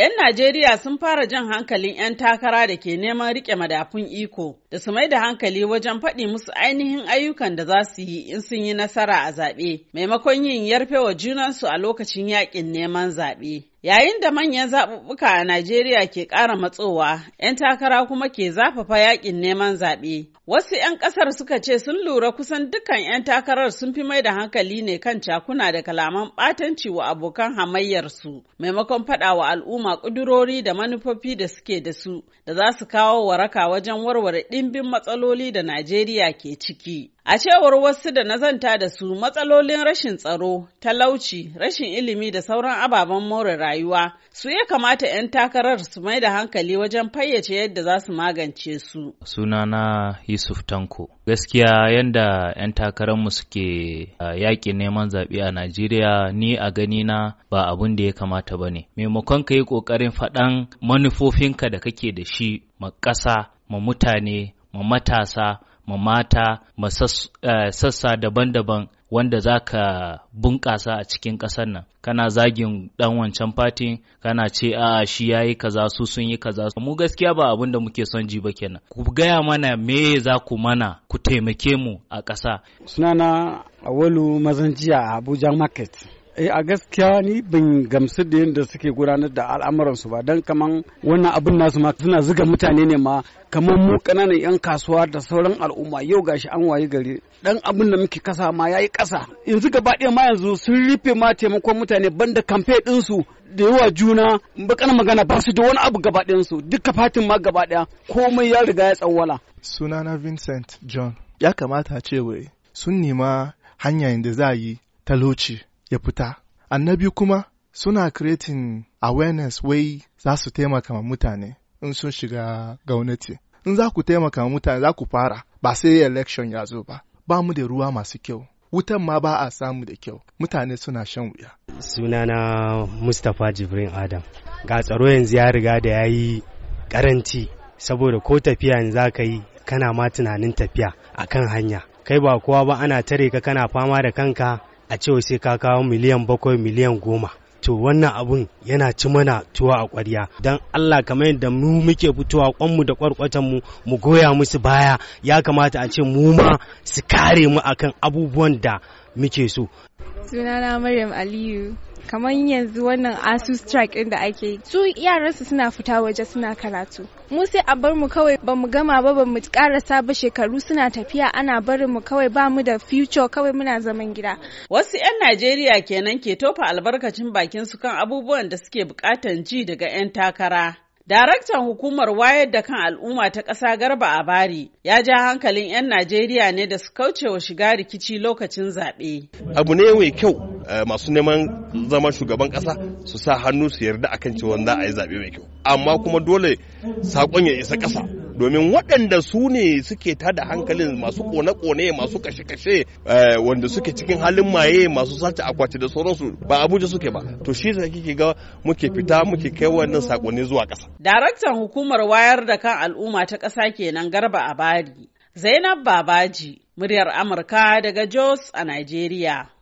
'Yan Najeriya sun fara jan hankalin 'yan takara da ke neman rike madafun iko da su mai da hankali wajen faɗi musu ainihin ayyukan da za su yi in sun yi nasara a zaɓe, maimakon yin yarfe wa junansu a lokacin yaƙin neman zaɓe. Yayin da manyan zaɓuɓɓuka a Najeriya ke ƙara matsowa, 'yan takara kuma ke zafafa yaƙin neman zaɓe. Wasu 'yan ƙasar suka ce sun lura kusan dukkan 'yan takarar sun fi mai da hankali ne kan cakuna da kalaman ɓatanci wa abokan hamayyarsu, maimakon faɗa wa al'umma ƙudurori da manufofi da suke da su, da za su kawo waraka wajen warware ɗimbin matsaloli da Najeriya ke ciki. A cewar wasu da nazanta da su matsalolin rashin tsaro, talauci, rashin ilimi da sauran ababen more rayuwa su ya kamata 'yan takarar su mai da hankali wajen fayyace yadda za su magance su. Sunana Yusuf Tanko. Gaskiya yadda 'yan takararmu suke yaƙi neman zaɓe a Najeriya ni a ganina ba abin da ya kamata ba ne. Maimakon ka yi ƙoƙarin faɗan manufofinka da kake da shi ma ƙasa, ma mutane, ma matasa, ma mata ma eh, sassa daban-daban wanda za ka bunƙasa a cikin ƙasar nan kana zagin ɗan wancan fatin kana ce a shi ya yi kaza su sun yi kaza mu gaskiya ba abin da muke son ji ba kenan ku gaya mana me za ku mana ku taimake mu a ƙasa sunana awalu mazan jiya a abuja market eh a gaskiya ni ban gamsu da yadda suke gudanar da al'amuransu ba don kaman wannan abin nasu ma suna zuga mutane ne ma kamar mu kananan 'yan kasuwa da sauran al'umma yau gashi an wayi gari dan abin da muke kasa ma yayi kasa yanzu gaba ɗaya ma yanzu sun rufe ma taimakon mutane banda kamfe ɗinsu da yawa juna bakan magana ba su da wani abu gaba ɗayansu duka fatin ma gaba ɗaya komai ya riga ya tsawwala sunana vincent john ya kamata a sun nema hanyar da za a yi talauci ya fita. Annabi kuma suna creating awareness wai za su taimaka ma mutane in sun shiga gwamnati. In za ku taimaka mutane za ku fara ba sai election ya zo ba. Ba mu da ruwa masu kyau. Wutan ma ba a samu da kyau. Mutane suna shan wuya. Sunana Mustapha Jibrin Adam. Ga tsaro yanzu ya riga da ya yi karanci saboda ko tafiya yanzu za ka yi kana ma tunanin tafiya a kan hanya. Kai ba kowa ba ana tare ka kana fama da kanka a cewa sai ka kawo miliyan bakwai miliyan goma to wannan abun yana ci mana tuwa a ƙwarya don Allah kamar yadda mu muke fitowa kwanmu da kwarkwatan mu mu goya musu baya ya kamata a ce mu ma su kare mu akan abubuwan da muke so Sunana Maryam Aliyu. kamar yanzu wannan asu strike ɗin da ake yi su yaransu suna fita waje suna karatu mu sai a bar mu kawai ba mu gama ba ba mu karasa ba shekaru suna tafiya ana barin mu kawai ba mu da future kawai muna zaman gida wasu 'yan najeriya kenan ke tofa albarkacin bakin su kan abubuwan da suke bukatan ji daga 'yan takara Daraktan hukumar wayar da kan al'umma ta ƙasa Garba a bari ya ja hankalin 'yan Najeriya ne da su kaucewa shiga rikici lokacin zaɓe. Abu ne mai kyau eh, masu neman zama shugaban ƙasa su sa hannu su yarda akan cewa za a yi zaɓe mai kyau. Amma kuma dole saƙon ya isa ƙasa. domin waɗanda su ne suke tada hankalin masu kone-kone masu kashe-kashe eh, wanda suke cikin halin maye masu sace akwati da sauransu ba abuja suke ba to shi da kike ga muke fita muke kai wannan sakonni zuwa ƙasa. daraktan hukumar wayar da kan al'umma ta ƙasa kenan garba a Bari, zainab babaji muryar amurka daga jos a nigeria